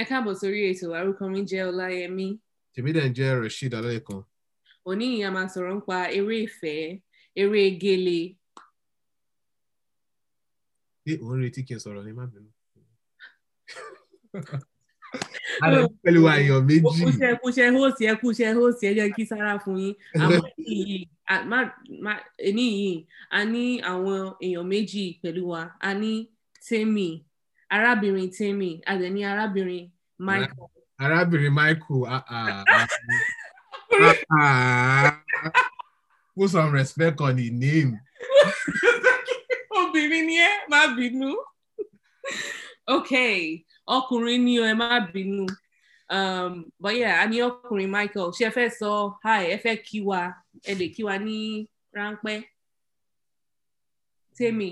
ẹ káàbọ̀ sórí ètò àrùkọ mi jẹ́ ọláyẹmí. tèmi dẹ̀ ń jẹ́ rasheed alẹ́kan. òní yìí a máa sọ̀rọ̀ nípa eré ìfẹ́ eré gèlè. ṣé ò ń retí kí n sọ̀rọ̀ ní má bínú. alẹ́ pẹ̀lú àyàn méjì. kúṣẹ́ kúṣẹ́ hóòsì ẹ kúṣẹ́ hóòsì ẹ jẹ́ kí sára fún yín. àmọ́ èyí a ní àwọn èèyàn méjì pẹ̀lú wa a ní tèmi arábìnrin Tèmi adẹ̀ ní arábìnrin Michael. arábìnrin Michael ah ah ah ah, ah put some respect on the name. obìnrin ni ẹ má bínú ok ọkùnrin ni ẹ má bínú um, but yeah a ní ọkùnrin Michael ṣe fẹ́ sọ hi ẹ fẹ́ kí wa ẹ lè kí wa ní ráńpẹ́ Tèmi.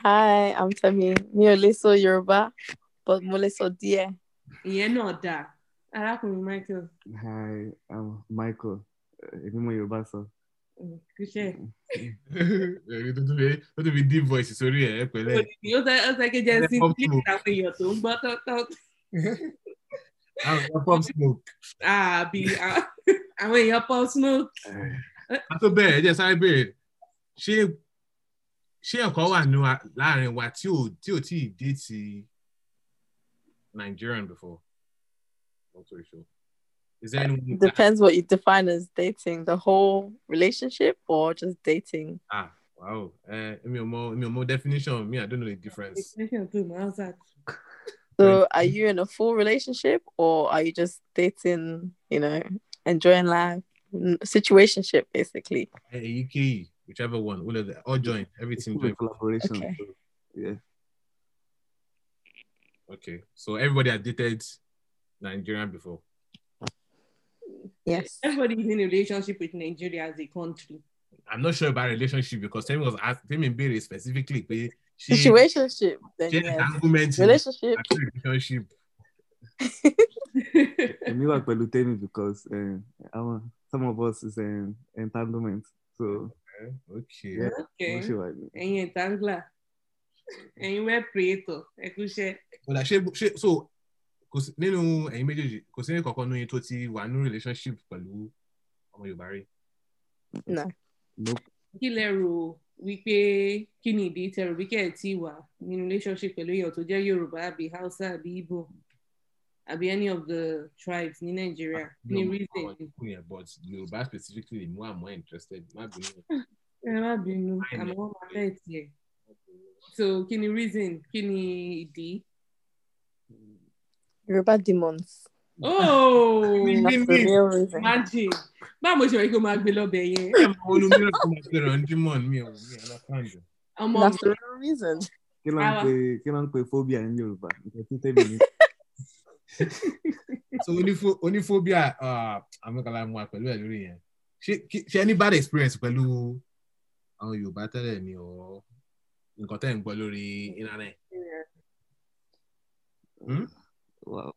Hi, I'm Temi. Mi ò lè Yorùbá, but mo lè sọ díẹ̀. Ìyẹn náà dáa. Arákùnrin Michael. Hi, I'm Michael. Èmi mọ Yorùbá sọ. Kúṣẹ̀. Ẹ̀rí tó tún deep voice sórí ẹ̀ pẹ̀lẹ́. Òdìdí ó sẹ́ ó sẹ́ kí jẹ́ sí kí àwọn èèyàn tó ń gbọ́ tọ́tọ́. smoke. Àbí àwọn èèyàn pop smoke. A tó bẹ̀rẹ̀ ẹ ṣé ẹ̀kọ́ wà nù láàrin wa tí ò tí ò tí ì dé ti Nigerian before? Not so sure. Is there anyone depends that? what you define as dating, the whole relationship or just dating? Ah, wow. Uh, eh, mi ò mọ̀, mi ò definition. Me, I don't know the difference. So, are you in a full relationship or are you just dating? You know, enjoying life, situationship, basically. Hey, eh, UK whichever one, all of the or join, everything join. Collaboration. Okay. Yeah. Okay. So everybody had dated Nigerian before. Yes. Everybody's in a relationship with Nigeria as a country. I'm not sure about relationship because Tim was Tim and Billy specifically. But she, Situationship. Then, yeah. Relationship. Relationship. Èmi wà pẹ̀lú because uh, some of us is in eh, entanglement. So okay okay ẹ̀yin ìtàngbà ẹ̀yin web creator ẹ kú iṣẹ́. ọ̀dà ṣe ṣe so nínú ẹ̀yin méjèèjì kò sí ní kankan nínú yín tó ti wà nínú relationship pẹ̀lú ọmọ Yorùbá rí. kí lẹ rò wípé kí ni ìdí tẹrù bí kẹ́ ẹ̀ tí wà nínú relationship pẹ̀lú èèyàn tó jẹ́ Yorùbá bi Hausa àbí Igbo àbí any of the tribes ní Nàìjíríà ah, No, reason. but Yorùbá specifically mo more interested má bínú. ẹ má bínú àmọ́ wọn máa fẹ́ tiẹ̀ so kí ni reason kí ni ìdí. Yorùbá demons. Oh, imagine báwo mo ṣe wọ́n kí o máa gbé lọ́bẹ̀ yẹn. olùmíràn kò máa pèrò ń demon mi ò ní aláfáàjọ. ọmọ mi. that's the real reason. kí ló ń pe kí ló ń pe phobia ní Yorùbá nǹkan tí tẹ́lẹ̀ mi. so onífó onífóbíà amúkàlà mu àpẹlú ẹ lórí yẹn ṣe any bad experience pẹ̀lú àwọn Yorùbá tẹ́lẹ̀ ni ọ nǹkan tẹ́ ń gbọ́ lórí internet. Hmm? Well,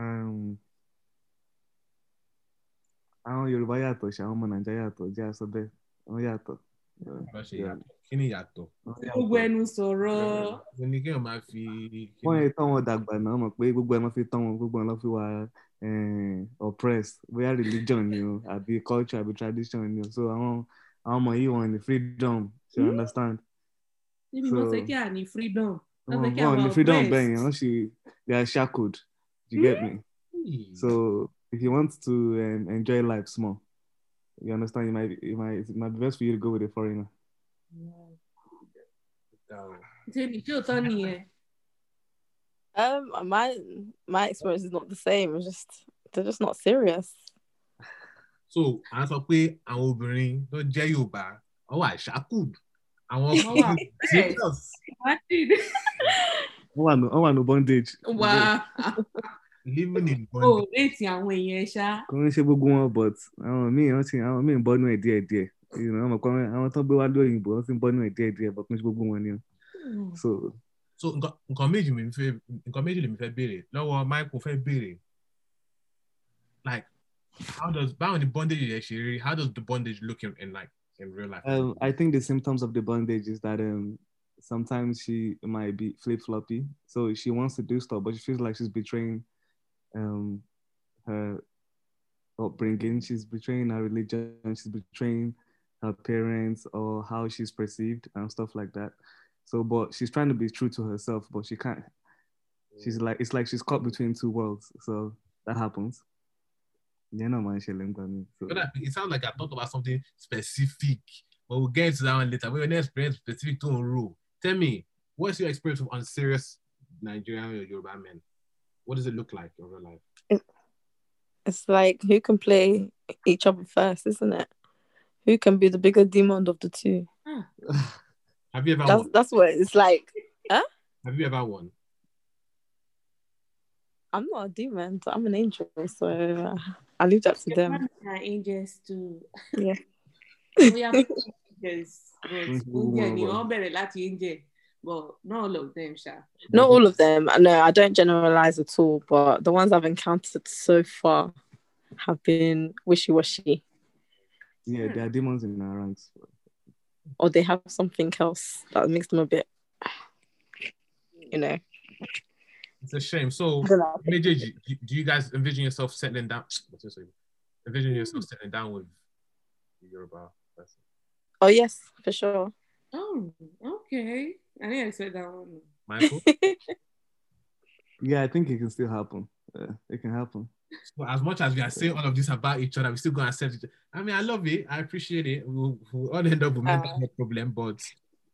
um, àwọn Yorùbá yàtọ̀ ṣe àwọn ọmọ Nàìjíríà yàtọ̀ jẹ́ àsọ bẹ́ẹ̀ wọ́n yàtọ̀. bá ṣe yàtọ̀ kí ni yàtọ̀. gbogbo ẹnu sọ̀rọ̀. mo ní kí n máa fi. wọ́n yẹ tán wọn dàgbà náà mọ̀ pé gbogbo ẹnu fi tán wọn gbogbo ẹnu fi wá eh, oppressed bóyá religion ni o àbí culture àbí tradition ni o so àwọn àwọn ọmọ yìí wọn ní freedom you hmm. understand. níbi mo ṣe kí à ní freedom. wọn hmm, ní freedom bẹ́ẹ̀ yẹn wọ́n ṣe they are shackled you get hmm. me so if you want to um, enjoy life small. You understand? It might, it might, it might be best for you to go with a foreigner. Yeah. Um, my my experience is not the same. It's just they're just not serious. So à ń sọ pé àwọn obìnrin tó jẹ́ Yorùbá ọ wà ṣàkùd àwọn kan wà serious. wọ́n wà ní bondage. Wow living in bondage. o rétí àwọn èèyàn ṣá. kò ń ṣe gbogbo but I míì wọn ti I míì ń bọ́nú ẹ̀ díẹ̀ díẹ̀ àwọn kan àwọn I ń gbé wá lóyè òyìnbó wọn ti ń bọ́nú ẹ̀ díẹ̀ díẹ̀ but kò ń ṣe gbogbo wọn ni. Hmm. so so nǹkan méjì mi fẹ́ nǹkan méjì lèmi fẹ́ béèrè lọ́wọ́ Michael fẹ́ béèrè like how does báwo the bondage actually how does the bondage look in, in like in real life. Um, I think the symptoms of the bondage is that um, sometimes she might be flip floppy. So she wants to do stuff, but she feels like she's betraying um, her upbringing. She's betraying her religion. She's betraying her parents or how she's perceived and stuff like that. So, but she's trying to be true to herself, but she can't. She's like, it's like she's caught between two worlds. So that happens. Yeah, no man, she so. on me. it sounds like I talked about something specific, but we'll get into that one later. We're gonna experience specific to a rule. Tell me, what's your experience of serious Nigerian or Yoruba men? What does it look like in real life? It's like who can play each other first, isn't it? Who can be the bigger demon of the two? Ah. Have you ever? That's, won? that's what it's like. huh? Have you ever won? I'm not a demon, so I'm an angel. So I leave that to Your them. Are angels too. Yeah. we are angels. Yes. well, not all of them, sure. Not all of them. No, I don't generalize at all, but the ones I've encountered so far have been wishy washy. Yeah, hmm. there are demons in our ranks. Or they have something else that makes them a bit, you know. It's a shame. So, JJ, do you guys envision yourself settling down? Envision yourself settling down with Yoruba person? Oh, yes, for sure. Oh, okay. I didn't expect that one. Michael? yeah, I think it can still happen. Yeah, it can happen. So as much as we are saying all of this about each other, we still gonna accept it. I mean, I love it. I appreciate it. We we'll, we'll all end up with uh. mental health problem, but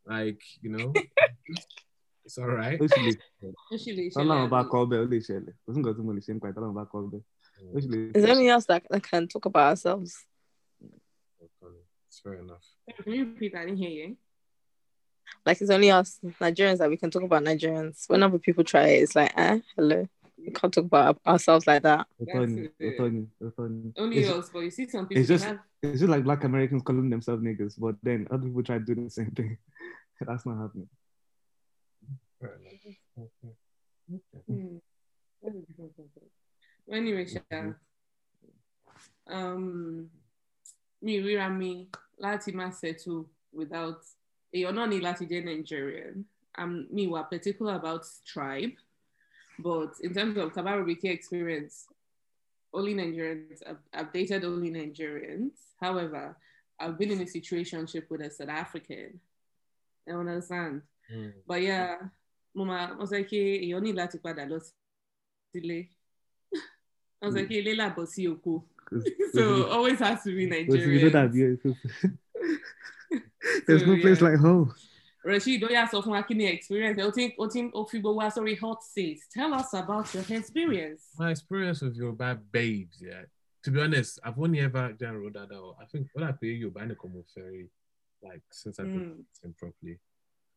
like you know, it's all right. Ó ṣì lè ṣẹlẹ̀. Ọlọ́run bá kọ́ bẹ́ẹ̀ ó lè ṣẹlẹ̀. Kò sí nǹkan tí mo lè ṣe nípa Is there anything else that, that can talk about ourselves? It's fair enough. Can you repeat? I didn't hear you. Like it's only us Nigerians that we can talk about Nigerians. When other people try it, it's like, eh, hello. We can't talk about ourselves like that. Only us, but you see some people. It's just, have... it's just like black Americans calling themselves niggas, but then other people try to do the same thing. That's not happening. Hmm. Anyway, mm-hmm. um, me, we are me, láti said too without you're not ní Nigerian. i Nigerian Me, we're particular about tribe but in terms of tabarobiki experience only Nigerians I've, I've dated only Nigerians however I've been in a situationship with a South African I understand mm. but yeah mo máa mo sọ pé èèyàn ní láti padà I was like, hey, pé hmm. but làbọ̀ sí cool. so always has to be Nigerian. There's so, no place like home. Rashid Oya sọ fún wa kí ni experience o hot seats. tell us about your experience. My experience with your bad babes yeah. to be honest I've only ever done Roda Dao I think when I Yorùbá you mo the rí like since I've been mm. properly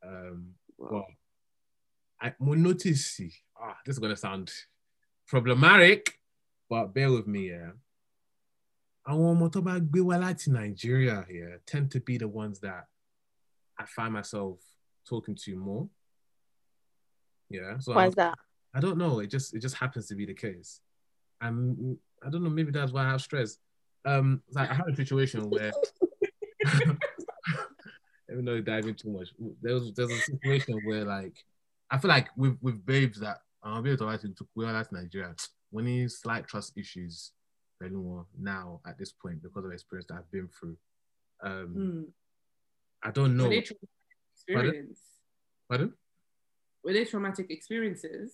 um, wow. well I, mo notice ah this is gonna sound problematic but bear with me yeah àwọn ọmọ tó bá gbé wá láti Nigeria here tend to be the ones that I find myself talking to more. Yeah. So why is that? I don't know. It just it just happens to be the case. I'm I don't know. Maybe that's why I have stress. Um, like I had a situation where. even though diving too much, there was there's a situation where like I feel like with with babes that are babes are to, to go out to Nigeria, when he's slight trust issues, now at this point because of the experience that I've been through. Um, mm. I don't know. Were they traumatic experience? Pardon? Pardon? Were they traumatic experiences?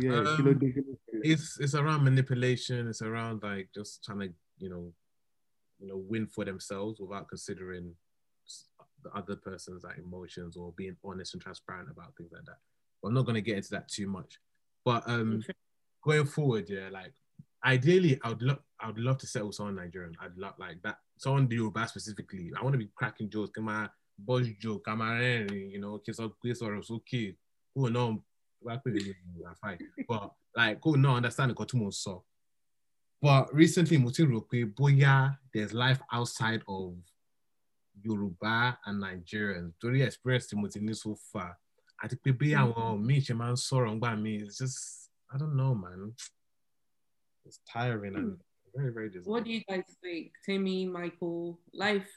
Yeah, um, it's it's around manipulation. It's around like just trying to you know, you know, win for themselves without considering the other person's like emotions or being honest and transparent about things like that. But I'm not gonna get into that too much. But um, going forward, yeah, like ideally, I would love, I would love to settle someone Nigerian. I'd love like that someone Yoruba specifically. I want to be cracking jokes. Come on, boss joke, come on, you know, kiss up, kiss or okay. Cool, no, fine. But like, cool, no, understand the Kotumo so. But recently, Mutin Rokwe, Boya, there's life outside of Yoruba and Nigerians. you experience tí mo ti so far. Àti pé bí hmm. àwọn míì ṣe man, so sọ̀rọ̀ ń gbà mí, it's just, I don't know, man it's tiring and hmm. very very disappointing. What do you guys think, Timmy, Michael? Life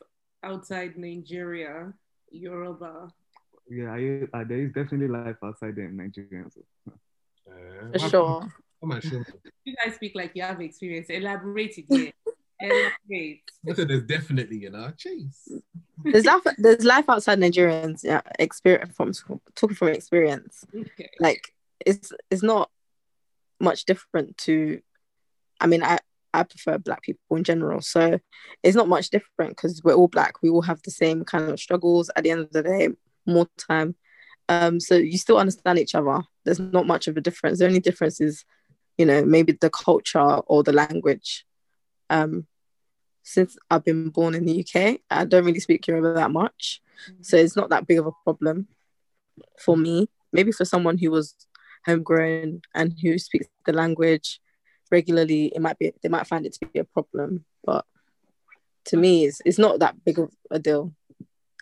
outside Nigeria, Yoruba. Yeah, uh, there is definitely life outside in Nigeria. So. Uh, For sure. You guys speak like you have experience. Elaborate again. there's definitely, you know, chase. There's life. There's life outside Nigerians. Yeah, experience from talking from experience. Okay. Like it's it's not much different to I mean, I I prefer black people in general, so it's not much different because we're all black. We all have the same kind of struggles. At the end of the day, more time. Um, so you still understand each other. There's not much of a difference. The only difference is, you know, maybe the culture or the language. Um, since I've been born in the UK, I don't really speak Yoruba that much, so it's not that big of a problem for me. Maybe for someone who was homegrown and who speaks the language regularly, it might be they might find it to be a problem. But to me, it's it's not that big of a deal.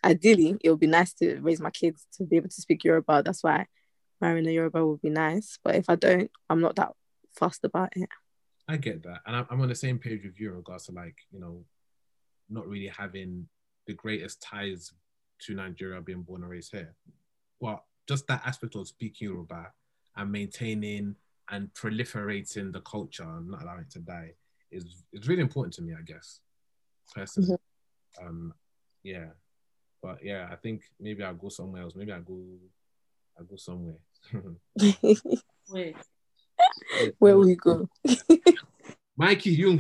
Ideally, it would be nice to raise my kids to be able to speak Yoruba. That's why marrying a Yoruba would be nice. But if I don't, I'm not that fussed about it. I get that, and I'm on the same page with you in regards to like you know, not really having the greatest ties to Nigeria, being born and raised here. But just that aspect of speaking Yoruba and maintaining and proliferating the culture and not allowing it to die is is really important to me, I guess, personally. Mm-hmm. Um, yeah, but yeah, I think maybe I'll go somewhere else. Maybe I'll go, i go somewhere. Where? Where will you go? Mikey, you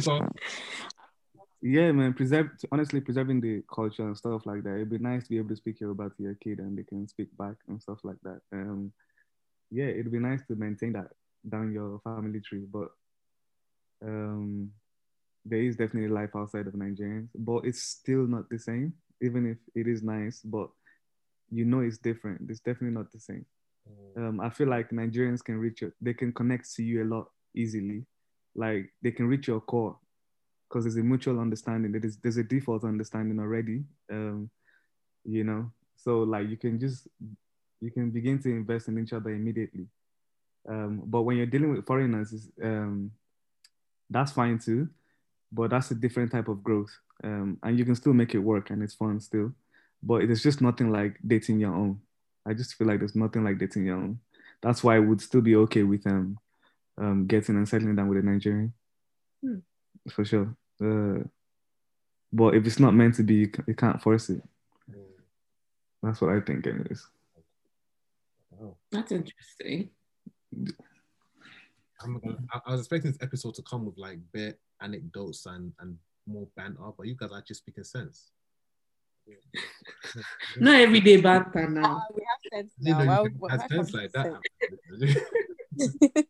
Yeah, man. Preserve honestly preserving the culture and stuff like that. It'd be nice to be able to speak about your kid and they can speak back and stuff like that. Um, yeah, it'd be nice to maintain that down your family tree, but um, there is definitely life outside of Nigerians, but it's still not the same, even if it is nice, but you know it's different. It's definitely not the same. Mm. Um, I feel like Nigerians can reach you, they can connect to you a lot easily. Like they can reach your core because there's a mutual understanding. There is, there's a default understanding already, um, you know? So like you can just, you can begin to invest in each other immediately. Um, but when you're dealing with foreigners, um, that's fine too, but that's a different type of growth. Um, and you can still make it work and it's fun still, but it's just nothing like dating your own. I just feel like there's nothing like dating your own. That's why I would still be okay with um, um getting and settling down with a Nigerian, hmm. for sure. Uh, but if it's not meant to be, you can't force it. Hmm. That's what I think, anyways. That's interesting. Gonna, i was expecting this episode to come with like bit anecdotes and and more banter, but you guys are just speaking sense. Not everyday banter now. Uh, we have sense now. You know, well, sense like that.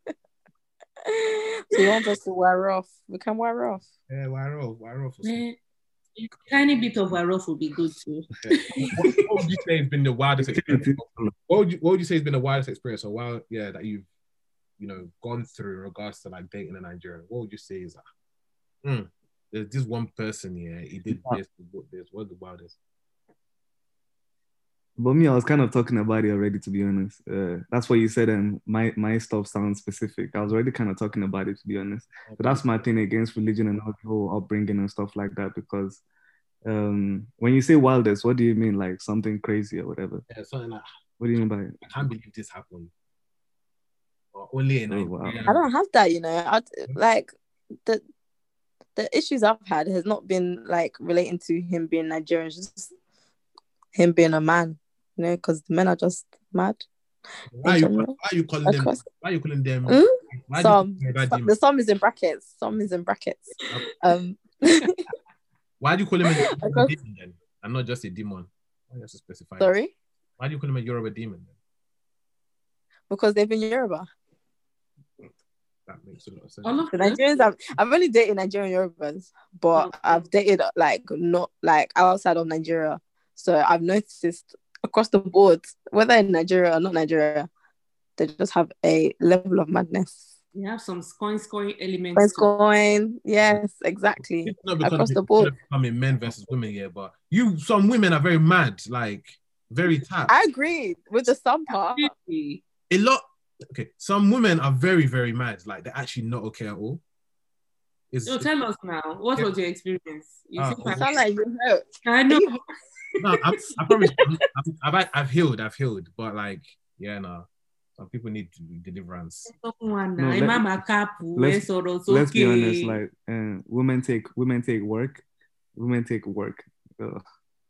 so you want us to wear off? We can wear off. Yeah, wear off, Wear off. Or tiny bit of a rough would be good too. what, what, would you say has been the wildest experience? What would you What would you say has been the wildest experience or wild, yeah, that you've you know gone through in regards to like dating a Nigerian? What would you say is that? Ah, mm, there's this one person here, he did this, he did this. What's the wildest? But me, I was kind of talking about it already, to be honest. Uh, that's what you said, and my my stuff sounds specific. I was already kind of talking about it, to be honest. But that's my thing against religion and all whole upbringing and stuff like that, because um, when you say wildest, what do you mean? Like something crazy or whatever? Yeah, something like. What do you mean by it? I can't believe this happened. Or only in oh, wow. I don't have that, you know. I, like the the issues I've had has not been like relating to him being Nigerian, just him being a man you know, because men are just mad. Why are, you, why are you calling them? Why are you calling them? Mm? Why some, you calling some the sum is in brackets. Some is in brackets. um. why do you call him a demon then? I'm not just a demon. Why have to specify? Sorry. This? Why do you call him a Yoruba demon then? Because they've been Yoruba. That makes a lot of sense. The Nigerians, I've only dated Nigerian Yorubas, but oh. I've dated like not like outside of Nigeria. So I've noticed across the board, whether in Nigeria or not Nigeria, they just have a level of madness. You have some scoring, scoring elements. Coin scoring, yes, exactly. across the board. I mean, men versus women, yeah, but you, some women are very mad, like very tough. I agree with the some part. A lot. Okay, some women are very, very mad. Like they're actually not okay at all. It's, so tell us now, what yeah. was your experience? You uh, sound like you hurt. I know. no, I'm, I promise. i have I've healed. I've healed. But like, yeah, no. Some people need deliverance. no, let, eh, let's, let's be honest. Like, uh, women take women take work. Women take work. Ugh.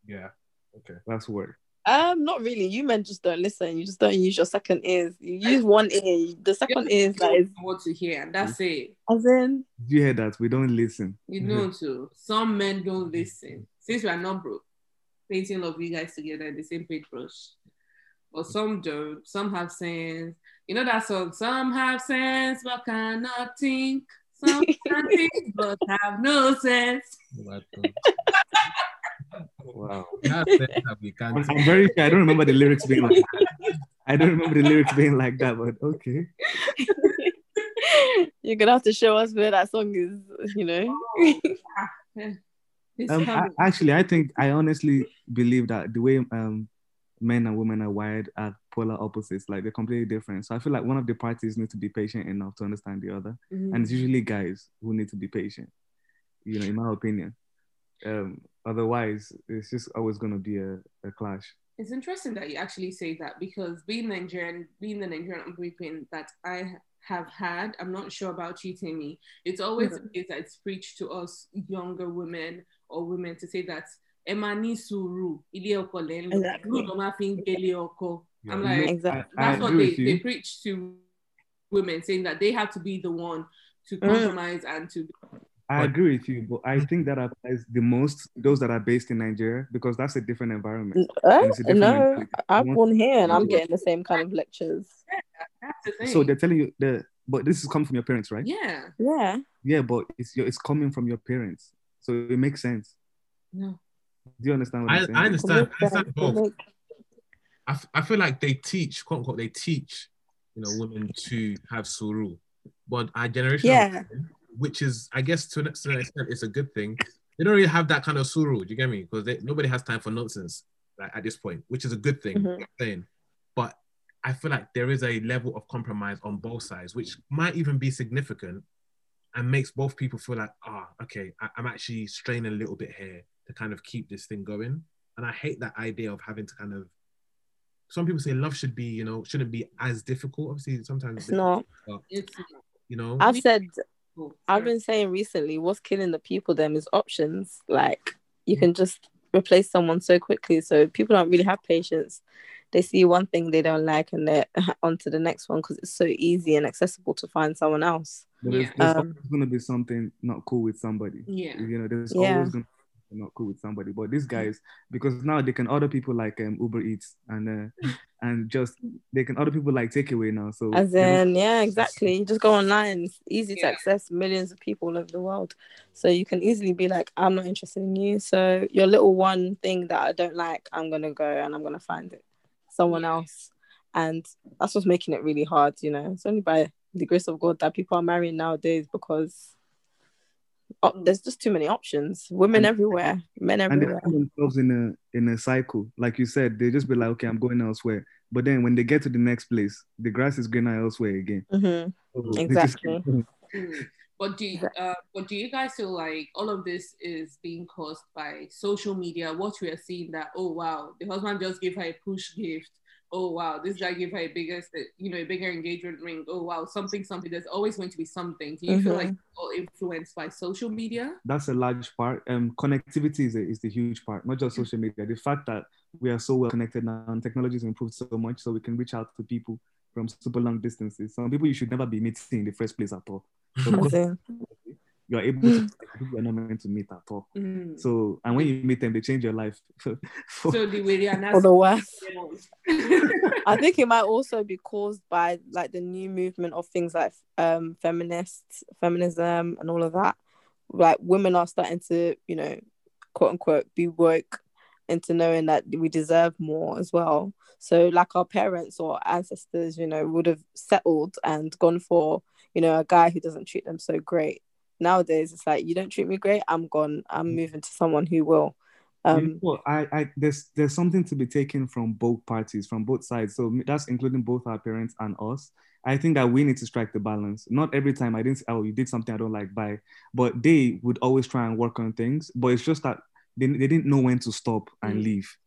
Yeah. Okay. That's work. Um, not really. You men just don't listen. You just don't use your second ears. You use one ear. The second ear is that is what to hear, and that's hmm? it. As in, you hear that we don't listen. You know, so hmm. Some men don't hmm. listen. Since we are not broke, painting of you guys together in the same paintbrush. But some do, not some have sense. You know that song, some have sense but cannot think. Some can think but have no sense. wow. I'm very sure I don't remember the lyrics being like that. I don't remember the lyrics being like that, but okay. You're gonna have to show us where that song is, you know. Oh, um, I, actually, I think I honestly believe that the way um, men and women are wired are polar opposites. Like they're completely different. So I feel like one of the parties need to be patient enough to understand the other, mm-hmm. and it's usually guys who need to be patient. You know, in my opinion. Um, otherwise, it's just always going to be a, a clash. It's interesting that you actually say that because being Nigerian, being the Nigerian upbringing that I have had. I'm not sure about you, Timmy. It's always mm-hmm. case that it's preached to us younger women or women to say that Emma suru, I'm like, exactly. that's what they, they preach to women, saying that they have to be the one to mm. compromise mm. and to I agree with you, but I mm. think that applies the most those that are based in Nigeria because that's a different environment. Uh, a different no, I'm born here and I'm getting the same kind of lectures. Yeah, the so they're telling you the but this is coming from your parents, right? Yeah. Yeah. Yeah, but it's your it's coming from your parents, so it makes sense. No. Do you understand? I, I, understand. I understand both. I, f- I feel like they teach, quote unquote, they teach, you know, women to have suru, but our generation. Yeah. Women, which is, I guess, to an extent, it's a good thing. They don't really have that kind of suru. Do you get me? Because nobody has time for nonsense like, at this point, which is a good thing. Mm-hmm. Saying, but I feel like there is a level of compromise on both sides, which might even be significant, and makes both people feel like, ah, oh, okay, I- I'm actually straining a little bit here to kind of keep this thing going. And I hate that idea of having to kind of some people say love should be, you know, shouldn't be as difficult. Obviously, sometimes it's, it's not. But, it's, you know, I've said Oh, I've been saying recently, what's killing the people them is options. Like you mm. can just replace someone so quickly. So people don't really have patience. They see one thing they don't like and they're on to the next one because it's so easy and accessible to find someone else. There's, there's um, always going to be something not cool with somebody. Yeah. You know, there's yeah. always going to not cool with somebody. But these guys, because now they can order people like um, Uber Eats and uh, mm. and just they can order people like takeaway now. So as in, know. yeah, exactly. You just go online. It's easy yeah. to access millions of people all over the world. So you can easily be like, I'm not interested in you. So your little one thing that I don't like, I'm gonna go and I'm gonna find it someone else. And that's what's making it really hard, you know. It's only by the grace of God that people are marrying nowadays because oh, there's just too many options. Women and, everywhere, men everywhere. And they find themselves in a in a cycle, like you said. They just be like, okay, I'm going elsewhere. But then when they get to the next place, the grass is greener elsewhere again. Mm-hmm. So exactly. but do you, uh, but do you guys feel like all of this is being caused by social media? What we are seeing that oh wow, the husband just gave her a push gift oh wow, this guy gave her a bigger, you know, a bigger engagement ring. Oh wow, something, something. There's always going to be something. Do you mm-hmm. feel like all influenced by social media? That's a large part. Um, connectivity is a, is the huge part, not just social media. The fact that we are so well connected now, and technology has improved so much, so we can reach out to people from super long distances. Some people you should never be meeting in the first place at all. So you're able to mm. people are not meant to meet at all. Mm. So and when you meet them, they change your life. so the way for the worse. I think it might also be caused by like the new movement of things like um feminists, feminism and all of that. Like women are starting to, you know, quote unquote be woke into knowing that we deserve more as well. So, like our parents or ancestors, you know, would have settled and gone for, you know, a guy who doesn't treat them so great nowadays it's like you don't treat me great i'm gone i'm mm. moving to someone who will um you know well I, I there's there's something to be taken from both parties from both sides so that's including both our parents and us i think that we need to strike the balance not every time i didn't say, oh you did something i don't like bye but they would always try and work on things but it's just that they, they didn't know when to stop and mm-hmm. leave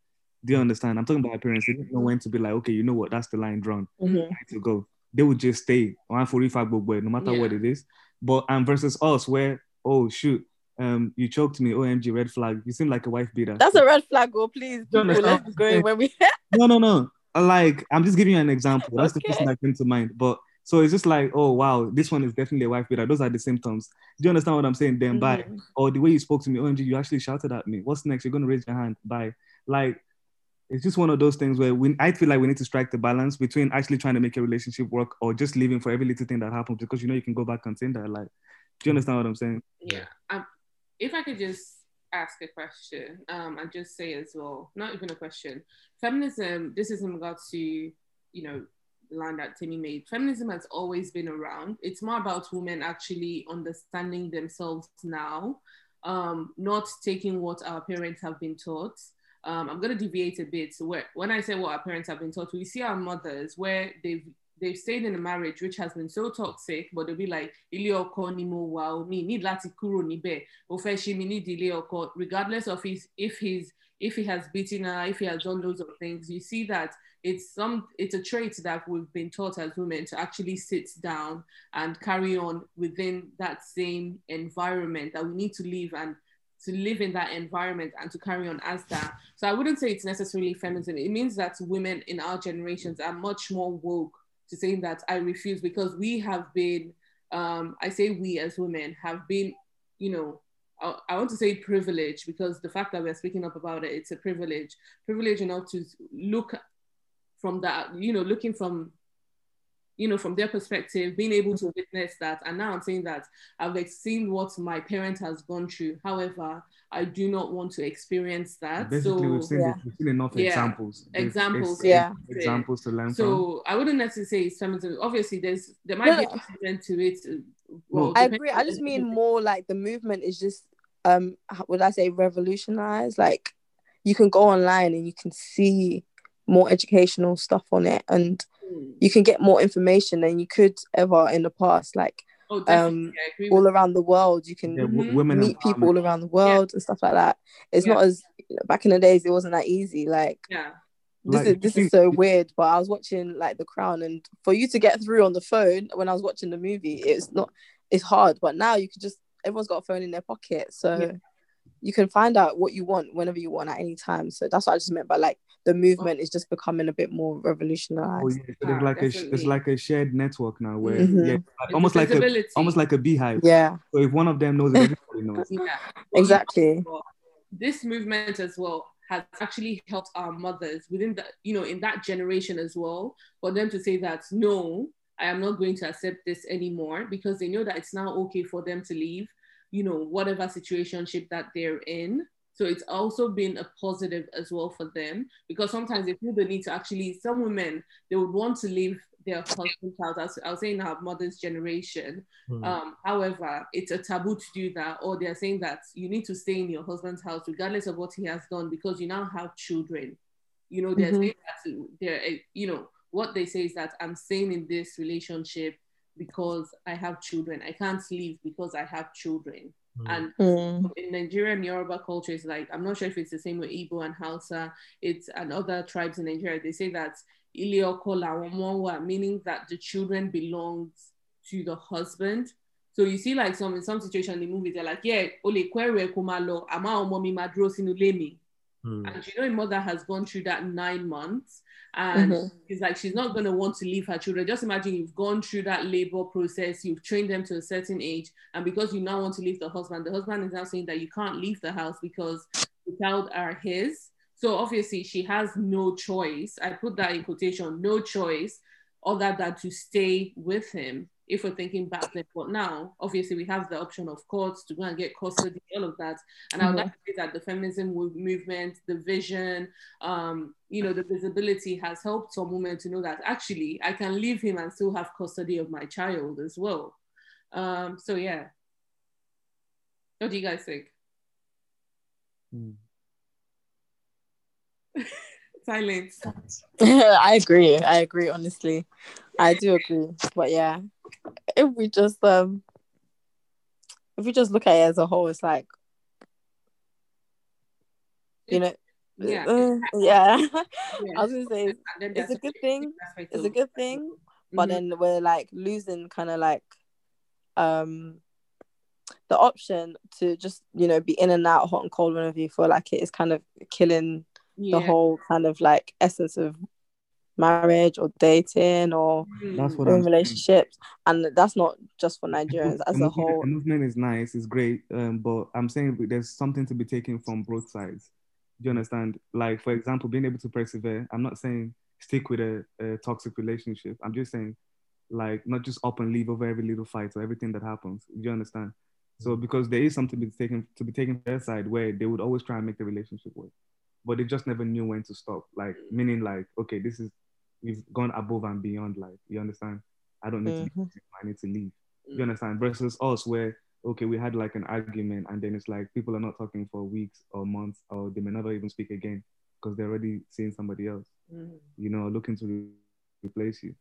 do you understand i'm talking about our parents they didn't know mm. when to be like okay you know what that's the line drawn mm-hmm. to go they would just stay no matter yeah. what it is but and versus us, where oh shoot, um, you choked me, OMG, red flag. You seem like a wife beater. That's a red flag, oh please. Don't let's going when we. no, no, no. Like I'm just giving you an example. That's okay. the person that came to mind. But so it's just like, oh wow, this one is definitely a wife beater. Those are the symptoms. Do you understand what I'm saying? Then mm-hmm. bye. Mm. Or the way you spoke to me, OMG, you actually shouted at me. What's next? You're gonna raise your hand. Bye. Like it's just one of those things where we, I feel like we need to strike the balance between actually trying to make a relationship work or just leaving for every little thing that happens because you know you can go back and that. Like, do you understand what I'm saying? Yeah. Um, if I could just ask a question, um, and just say as well, not even a question. Feminism. This is in regards to you know land that Timmy made. Feminism has always been around. It's more about women actually understanding themselves now, um, not taking what our parents have been taught um, I'm going to deviate a bit. So where, when I say what our parents have been taught, we see our mothers where they've they've stayed in a marriage which has been so toxic, but they'll be like, ilé ọkọ ni mi ní láti níbẹ̀, ó fẹ́ ṣe ní ilé ọkọ, regardless of his, if he's, if he has beaten her, if he has done loads of things, you see that it's some, it's a trait that we've been taught as women to actually sit down and carry on within that same environment that we need to leave and to live in that environment and to carry on as that. So I wouldn't say it's necessarily feminism. It means that women in our generations are much more woke to saying that I refuse because we have been, um, I say we as women have been, you know, I, I want to say privilege because the fact that we're speaking up about it, it's a privilege, privilege enough to look from that, you know, looking from you know, from their perspective, being able to witness that. And now I'm saying that I've seen what my parent has gone through. However, I do not want to experience that. Basically, so, we've, seen yeah. we've seen enough yeah. examples. examples, yeah. Examples to learn so, from. So I wouldn't necessarily say it's feminism. Obviously, there's there might no, be a to it. Uh, well, I agree. I just mean more like the movement is just um would I say revolutionized? Like you can go online and you can see more educational stuff on it and you can get more information than you could ever in the past. Like oh, um, yeah, all around the world, you can yeah, mm-hmm. meet people all around the world yeah. and stuff like that. It's not as you know, back in the days; it wasn't that easy. Like yeah. This like, is this is so weird, but I was watching like The Crown, and for you to get through on the phone when I was watching the movie, it's not it's hard. But now you can just everyone's got a phone in their pocket, so you can find out what you want whenever you want at any time. So that's what I just meant by like the movement is just becoming a bit more revolutionary. Oh, yeah. so like a it's like a shared network now where mm-hmm. yeah, like, almost like a almost like a beehive. Yeah. So if one of them knows, everybody knows. yeah. Exactly. This movement as well has actually helped our mothers within the you know in that generation as well for them to say that no I am not going to accept this anymore because they know that it's now okay for them to leave you know, whatever situationship that they're in. So it's also been a positive as well for them because sometimes they feel the need to actually, some women, they would want to leave their husband's house. I was saying our mother's generation. Mm. Um, however, it's a taboo to do that, or they're saying that you need to stay in your husband's house regardless of what he has done because you now have children. You know, they're mm-hmm. saying that they're, eh, you know, what they say is that I'm staying in this relationship because I have children. I can't leave. because I have children. Mm. And mm. in Nigerian Yoruba culture, it's like, I'm not sure if it's the same with Igbo and Hausa, it's and other tribes in Nigeria, they say that Iliokola meaning that the children belongs to the husband. So you see, like some in some situation in the movies, they're like, yeah, ole kwere kumalo, ama omomi madro sinulemi. Mm. And you know, a mother has gone through that nine months, and mm-hmm. it's like she's not going to want to leave her children. Just imagine you've gone through that labor process, you've trained them to a certain age, and because you now want to leave the husband, the husband is now saying that you can't leave the house because the child are his. So obviously, she has no choice. I put that in quotation no choice other than to stay with him if we're thinking back then. But now, obviously, we have the option of courts to go and get custody, all of that. And mm-hmm. I would mm-hmm. like to say that the feminism movement, the vision, um, you know, the visibility has helped some women to know that actually I can leave him and still have custody of my child as well. Um, so, yeah. What do you guys think? Mm. Silence. I agree. I agree, honestly. I do agree. But yeah, if we just um if we just look at it as a whole, it's like you know yeah uh, yeah. yeah. I was gonna say it's a good thing. It's a good thing, but mm-hmm. then we're like losing kind of like um the option to just you know be in and out hot and cold whenever you feel like it is kind of killing yeah. the whole kind of like essence of marriage or dating or mm. that's what in relationships saying. and that's not just for nigerians as a whole The movement is nice it's great um, but i'm saying there's something to be taken from both sides do you understand like for example being able to persevere i'm not saying stick with a, a toxic relationship i'm just saying like not just up and leave over every little fight or everything that happens do you understand so because there is something to be taken to be taken their side where they would always try and make the relationship work but they just never knew when to stop like meaning like okay this is we've gone above and beyond. Like, you understand? I don't need mm-hmm. to. Leave, I need to leave. You mm. understand? Versus us, where okay, we had like an argument, and then it's like people are not talking for weeks or months, or they may never even speak again because they're already seeing somebody else. Mm-hmm. You know, looking to re- replace you.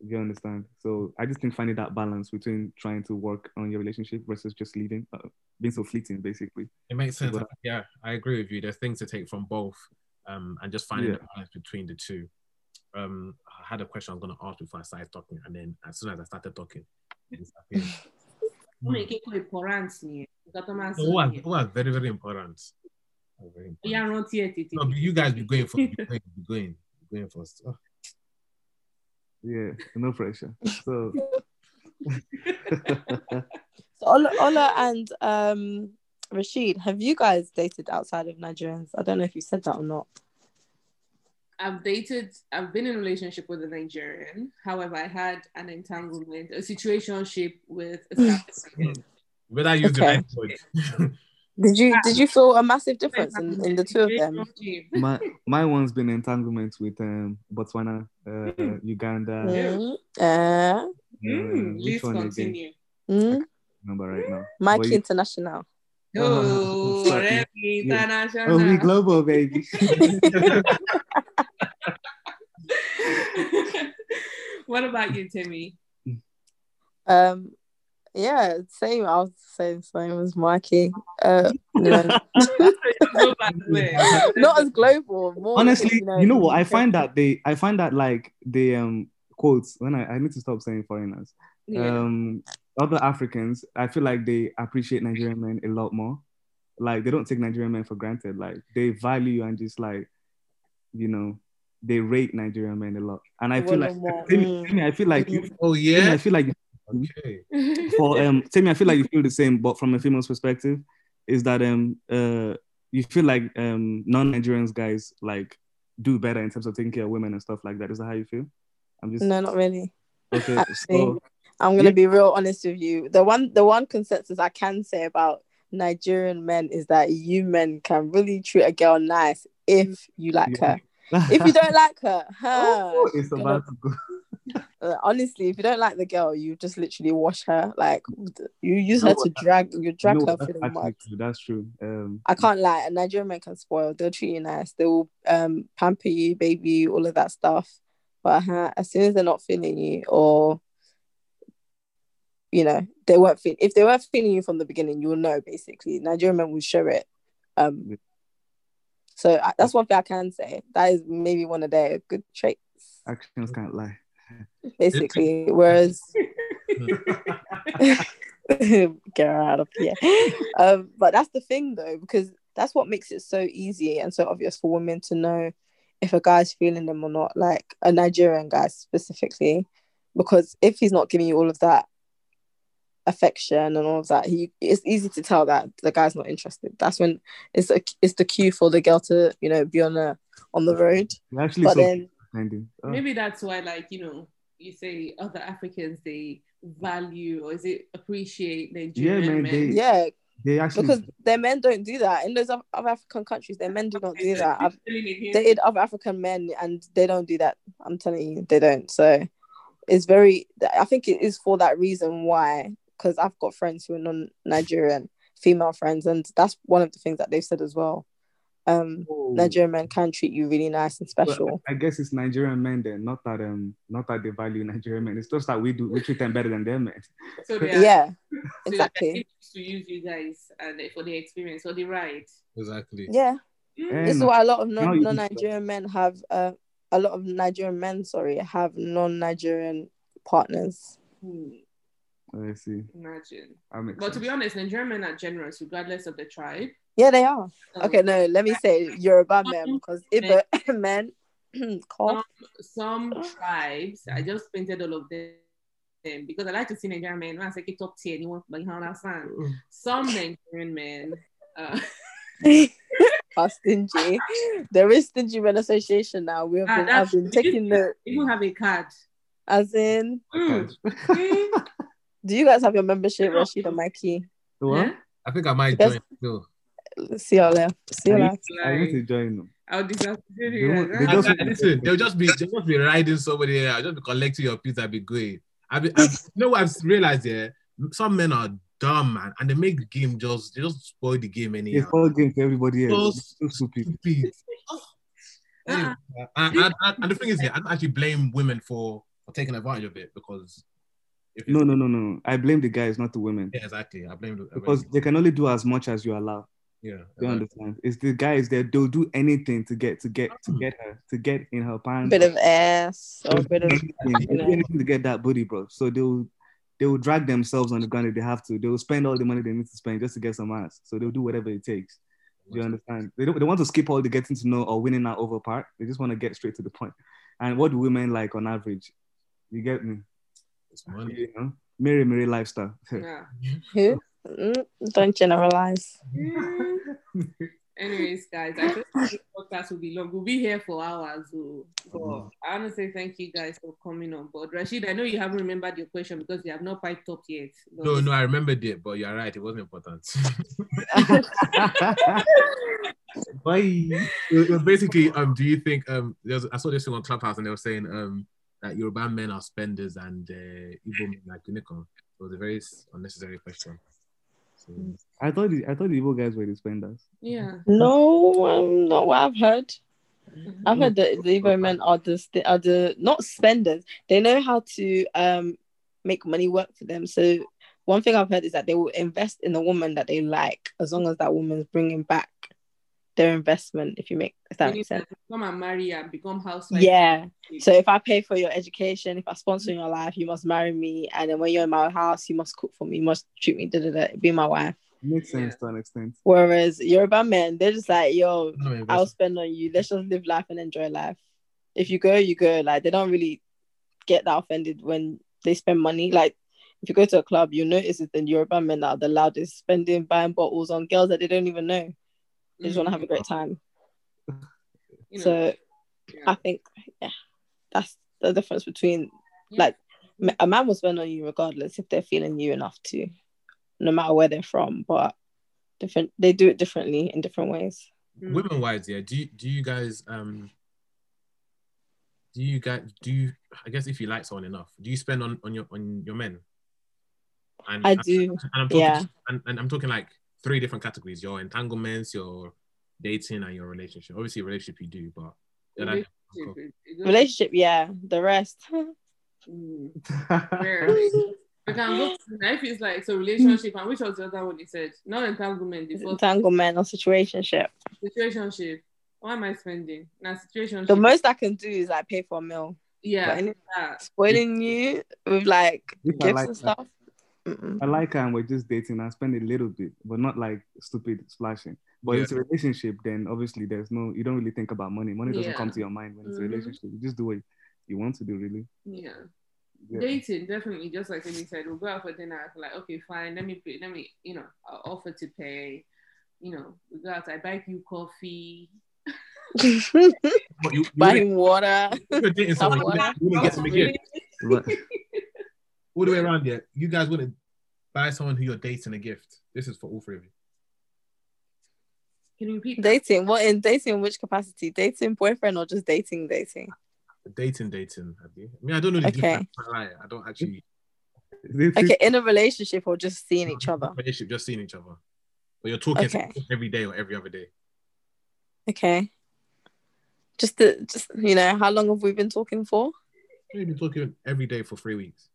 You understand? So I just think finding that balance between trying to work on your relationship versus just leaving, uh, being so fleeting, basically. It makes sense. But, yeah, I agree with you. There's things to take from both, um, and just finding yeah. the balance between the two um, I had a question I was going to ask before I started talking, and then as soon as I started talking, it disappeared. what, what very very important. Very important. Yeah, not yet. No, you guys be going for be going, be going, be going first. Oh. Yeah, no pressure. So, so Ola, Ola and um, Rashid, have you guys dated outside of Nigerians? I don't know if you said that or not. I've dated, I've been in a relationship with a Nigerian. However, I had an entanglement, a situationship with a South Whether you okay. Did you did you feel a massive difference in, in the two of them? My my one's been entanglement with um, Botswana, uh, hmm. Uganda. Mm. Uh, mm. Which Please one continue. Hmm? Again? Number right now. Hmm. Mikey International. Oh, oh, international. oh, we global baby. what about you, Timmy? Um, yeah, same. I was the same, same as Mikey. Uh, yeah. Not as global. Honestly, you, know, you know what? I find that they, I find that like the um quotes when I, I need to stop saying foreigners. Yeah. Um, other Africans, I feel like they appreciate Nigerian men a lot more. Like they don't take Nigerian men for granted. Like they value and just like, you know, they rate Nigerian men a lot, and I feel like Timmy, Timmy, I feel like you, oh yeah, Timmy, I feel like okay. for um Timmy, I feel like you feel the same, but from a female's perspective, is that um uh you feel like um non-Nigerians guys like do better in terms of taking care of women and stuff like that. Is that how you feel? I'm just no, not really. Okay, Actually, so, I'm gonna yeah. be real honest with you. The one the one consensus I can say about Nigerian men is that you men can really treat a girl nice if you like yeah. her if you don't like her, her oh, it's about to go. Uh, honestly, if you don't like the girl, you just literally wash her. Like you use no, her to drag, you drag no, her through the mud. That's true. Um, I can't lie. A Nigerian man can spoil. They'll treat you nice. They will um, pamper you, baby all of that stuff. But uh, as soon as they're not feeling you, or you know, they weren't feeling. If they were feeling you from the beginning, you will know. Basically, Nigerian men will show it. Um, so I, that's one thing I can say. That is maybe one of their good traits. Actions can't lie. Basically, whereas get out of here. Um, but that's the thing though, because that's what makes it so easy and so obvious for women to know if a guy's feeling them or not, like a Nigerian guy specifically. Because if he's not giving you all of that, affection and all of that, he it's easy to tell that the guy's not interested. That's when it's a, it's the cue for the girl to you know be on a on the road. actually, but so then oh. maybe that's why like you know you say other Africans they value or is it appreciate Nigerian yeah, man, men? yeah. They actually because their men don't do that in those other African countries. Their men do not do that. I've dated other African men and they don't do that. I'm telling you, they don't. So it's very. I think it is for that reason why because I've got friends who are non Nigerian, female friends, and that's one of the things that they've said as well. Um, oh. Nigerian men can treat you really nice and special. I guess it's Nigerian men then, not that um, not that they value Nigerian men. It's just that we do we treat them better than them men. So are, yeah, exactly. So to use you guys and for the experience or the ride. Exactly. Yeah. Mm. This is why a lot of non Nigerian men have uh, a lot of Nigerian men, sorry, have non Nigerian partners. Mm. I see. Imagine. But sense. to be honest, Nigerian men are generous regardless of the tribe. Yeah, they are. Um, okay, no, let me say Yoruba men because Ibo men. some, some tribes, I just painted all of them because I like to see Nigerian men. When I say top tier, anyone but you understand. Mm. Some Nigerian men uh, are stingy. There is stingy men association now. We have ah, been, I've been taking the. You have a card. As in. Mm. Do you guys have your membership, Rashid and Mikey? The what? Yeah? I think I might guys, join too. See you all there. See you later. I need to join them. I'll disappear you. listen, they'll just be they'll just be riding somebody else. I'll just be collecting your pizza. I'll be going. I be, I, you know what I've realized here? some men are dumb man, and they make the game just they just spoil the game anyhow. They spoil game for everybody else. So stupid. stupid. and, ah. and, and, and, the thing is, yeah, I don't actually blame women for, for taking advantage of it because no, no, no, no. I blame the guys, not the women. Yeah, exactly. I blame the because they can only do as much as you allow. Yeah, exactly. you understand. It's the guys that they'll do anything to get to get to hmm. get her to get in her pants. Bit of ass or bit of anything, you know. anything to get that booty, bro. So they'll they will drag themselves on the ground if they have to. They will spend all the money they need to spend just to get some ass. So they'll do whatever it takes. Do you understand? They don't. They want to skip all the getting to know or winning out over part. They just want to get straight to the point. And what do women like on average? You get me? It's money. You know? Merry, merry lifestyle. Yeah. Mm, don't generalize. Anyways, guys, I think this podcast will be long. We'll be here for hours. So, so mm-hmm. I want to say thank you guys for coming on board. Rashid, I know you haven't remembered your question because you have not piped up yet. No, no, I remembered it, but you're right. It wasn't important. Bye. It was basically, um, do you think um, there was, I saw this thing on Clubhouse and they were saying um, that Yoruba men are spenders and uh, men are unicorn? It was a very unnecessary question. So, I thought the, I thought the Igbo guys were the spenders. Yeah. No, um, what I've heard. I've heard that the Igbo men are the are the not spenders. They know how to um make money work for them. So one thing I've heard is that they will invest in a woman that they like as long as that woman's bringing back their investment if you make if that makes sense come and marry and become housewife yeah so if i pay for your education if i sponsor your life you must marry me and then when you're in my house you must cook for me you must treat me da, da, da, be my wife makes sense to an extent whereas yoruba men they're just like yo no, i'll spend on you let's just live life and enjoy life if you go you go like they don't really get that offended when they spend money like if you go to a club, you notice it's the Yoruba men that are the loudest spending buying bottles on girls that they don't even know. They just want to have a great time. You know, so yeah. I think yeah, that's the difference between yeah. like a man will spend on you regardless if they're feeling you enough to, no matter where they're from. But different, they do it differently in different ways. Mm. Women wise, yeah. Do you, do you guys um do you guys do you, I guess if you like someone enough, do you spend on on your on your men? And, I do. and I'm talking, yeah. And, and I'm talking like three different categories: your entanglements, your dating, and your relationship. Obviously, relationship you do, but relationship, relationship yeah. The rest. mm. yeah. I to life is like so relationship and which was the other one you said? Not entanglement. Before. Entanglement or situationship. Situationship. What am I spending? Now situationship. The most I can do is like pay for a meal. Yeah. Spoiling you with like gifts like and that. stuff. Mm-mm. I like her and we're just dating and spend a little bit, but not like stupid splashing. But yeah. it's a relationship, then obviously there's no, you don't really think about money. Money doesn't yeah. come to your mind when mm-hmm. it's a mm-hmm. relationship. You just do what you want to do, really. Yeah. yeah. Dating, definitely, just like when you said, we'll go out for dinner. I like, okay, fine, let me pay, let me, you know, I'll offer to pay. You know, we go out, I buy you coffee. you, you buy him water. You're dating someone, you get to begin. all the way around. Yeah, you guys wouldn't buy someone who you're dating a gift. This is for all three of you. Can you repeat? That? Dating? What in dating? Which capacity? Dating boyfriend or just dating? Dating. Dating, dating. Have you? I mean, I don't know. okay. I don't actually. okay, in a relationship or just seeing each other? Relationship, just seeing each other. But you're talking okay. every day or every other day. Okay. Just the just you know, how long have we been talking for? We've been talking every day for three weeks.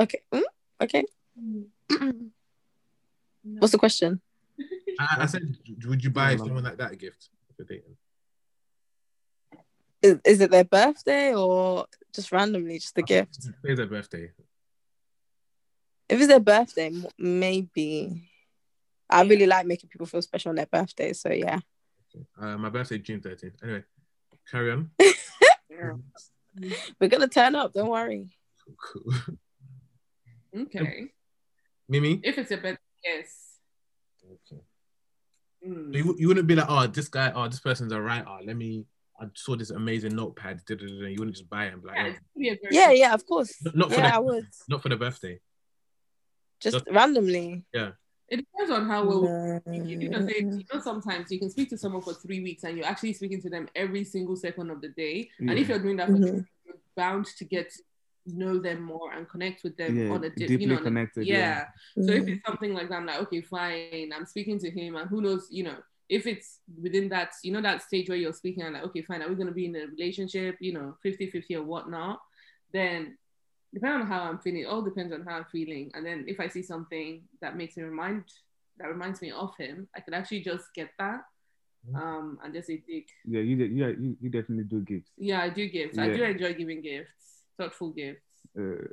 Okay. Mm? Okay. No. What's the question? I, I, said, would you buy someone like that a gift for dating? Is, is it their birthday or just randomly just the uh, gift? It's their birthday. If it's their birthday, maybe. I really like making people feel special on their birthday, so yeah. Uh, my birthday June thirteenth. Anyway, carry on. We're gonna turn up. Don't worry. Cool. Okay. Mimi? If it's a bit, yes. Okay. Mm. you, you wouldn't be like, oh, this guy, oh, this person's a writer. Oh, let me, I saw this amazing notepad. Da, da, da, you wouldn't just buy him, Like, yeah, oh. yeah, yeah, of course. Not, not yeah, for the, I would. Not for the birthday. Just, just randomly. Yeah. It depends on how well you, know, they, you know. Sometimes you can speak to someone for three weeks and you're actually speaking to them every single second of the day. And if you're doing that for mm-hmm. you you're bound to get know them more and connect with them yeah, on a di- deeply you know, connected. yeah. yeah. So if mm-hmm. it's something like that, I'm like, okay, fine. I'm speaking to him, and who knows, you know, if it's within that, you know, that stage where you're speaking, and like, okay, fine, are we going to be in a relationship, you know, 50 50 or whatnot? Then depending on how I'm feeling, it all depends on how I'm feeling. And then if I see something that makes me remind, that reminds me of him, I could actually just get that mm-hmm. um and just a dick. Yeah, you, yeah, you, you definitely do gifts. Yeah, I do gifts. Yeah. I do enjoy giving gifts thoughtful gifts. Uh,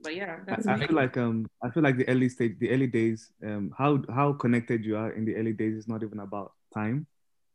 but yeah, that's I, I feel like um, I feel like the early stage, the early days, um, how how connected you are in the early days is not even about time.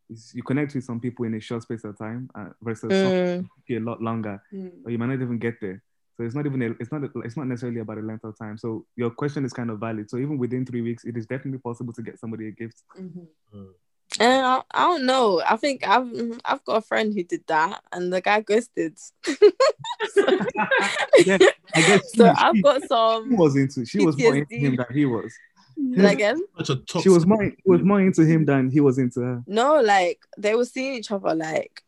It's, you connect with some people in a short space of time uh, versus mm. a lot longer, mm. or you might not even get there. So it's not even a, it's not a, it's not necessarily about a length of time. So your question is kind of valid. So even within three weeks, it is definitely possible to get somebody a gift. Mm-hmm. mm hmm and I, I don't know. I think I've mm-hmm, I've got a friend who did that, and the guy ghosted. so, yeah, I guess so I've got some. She was into. She PTSD. was more into him than he was. Again, she was more was more into him than he was into her. No, like they were seeing each other like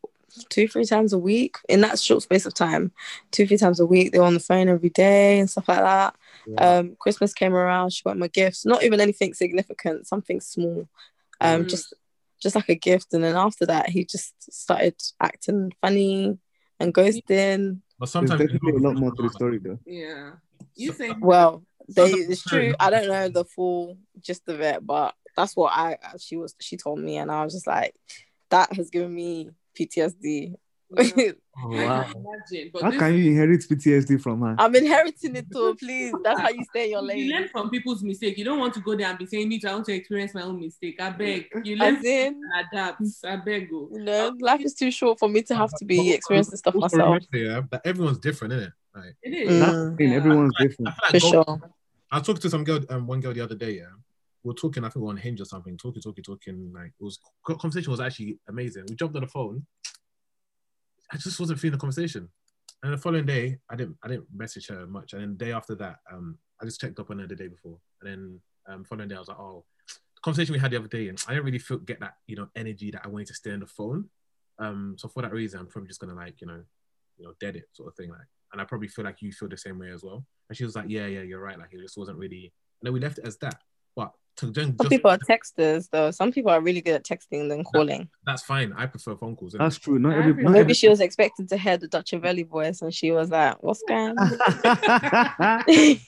two three times a week in that short space of time. Two three times a week, they were on the phone every day and stuff like that. Yeah. Um, Christmas came around, she got my gifts. Not even anything significant, something small. Um, mm. just just like a gift. And then after that, he just started acting funny and ghosting. But sometimes there's a lot more to the story, though. Yeah, you think well. They, it's true. I don't know the full gist of it, but that's what I she was she told me, and I was just like, that has given me PTSD oh, wow. Imagine, how can you inherit PTSD from her? I'm inheriting it too, please. That's how you stay in your lane. You learn from people's mistake. You don't want to go there and be saying, me. I want to experience my own mistake. I beg. You learn in, adapt. I beg. Oh. You know, life is too short for me to have to be experiencing stuff myself. Yeah, but everyone's different, isn't it? Right. it is. Mm. Yeah. Everyone's I, different. I, I like for sure. I talked to some girl, um, one girl the other day, yeah we are talking, I think we are on Hinge or something, talking, talking, talking. Like it was conversation was actually amazing. We jumped on the phone. I just wasn't feeling the conversation. And the following day, I didn't I didn't message her much. And then the day after that, um, I just checked up on her the day before. And then um, following day, I was like, oh, the conversation we had the other day, and I didn't really feel get that you know energy that I wanted to stay on the phone. Um, so for that reason, I'm probably just gonna like you know, you know, dead it sort of thing. Like, and I probably feel like you feel the same way as well. And she was like, yeah, yeah, you're right. Like it just wasn't really. And then we left it as that. But to then some people are texters though. Some people are really good at texting than calling. That, that's fine. I prefer phone calls. That's true. Not every, not Maybe every... she was expecting to hear the Dutch and Valley voice, and she was like, "What's going?" on?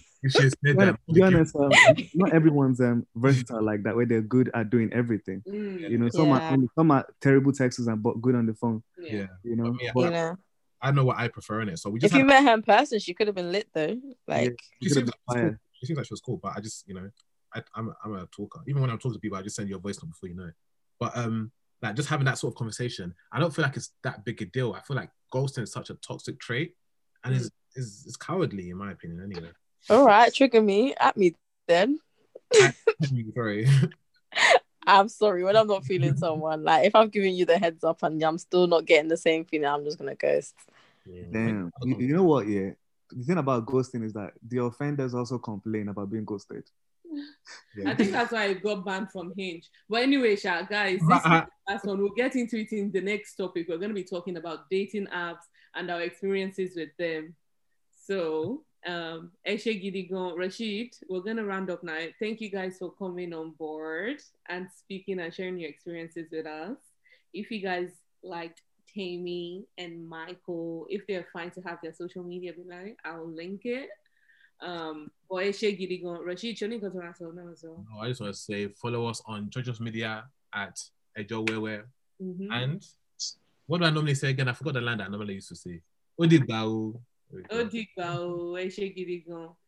Well, be honest, um, not everyone's um, versatile like that, where they're good at doing everything. Mm, you know, some yeah. are some are terrible texters and but good on the phone. Yeah, you know. But, but, you know. I know what I prefer in it. So we just. If you met her in person, she could have been lit though. Like yeah, she, seems like she, seems like she was cool, but I just you know I, am I'm, am a talker. Even when I'm talking to people, I just send you a voice note before you know it. But um, like just having that sort of conversation, I don't feel like it's that big a deal. I feel like ghosting is such a toxic trait, and mm. is is cowardly in my opinion. Anyway. All right, trigger me at me then. I, I'm sorry. I'm sorry when I'm not feeling someone. Like if i am giving you the heads up and I'm still not getting the same feeling, I'm just gonna ghost. Damn. You, you know what? Yeah. The thing about ghosting is that the offenders also complain about being ghosted. Yeah. I think that's why I got banned from Hinge. But anyway, Sha, guys, this uh-huh. is the last one. We'll get into it in the next topic. We're going to be talking about dating apps and our experiences with them. So, um, Gidigon, Rashid, we're going to round up now. Thank you guys for coming on board and speaking and sharing your experiences with us. If you guys liked Tammy and Michael, if they're fine to have their social media be like, I'll link it. Um, but I Rashid, you go to myself now as No, oh, I just want to say follow us on Church's Media at Ejowewe. Mm-hmm. And what do I normally say again? I forgot the line I normally used to say. Odigba o. Odigba o, ẹ ṣé gidi gan.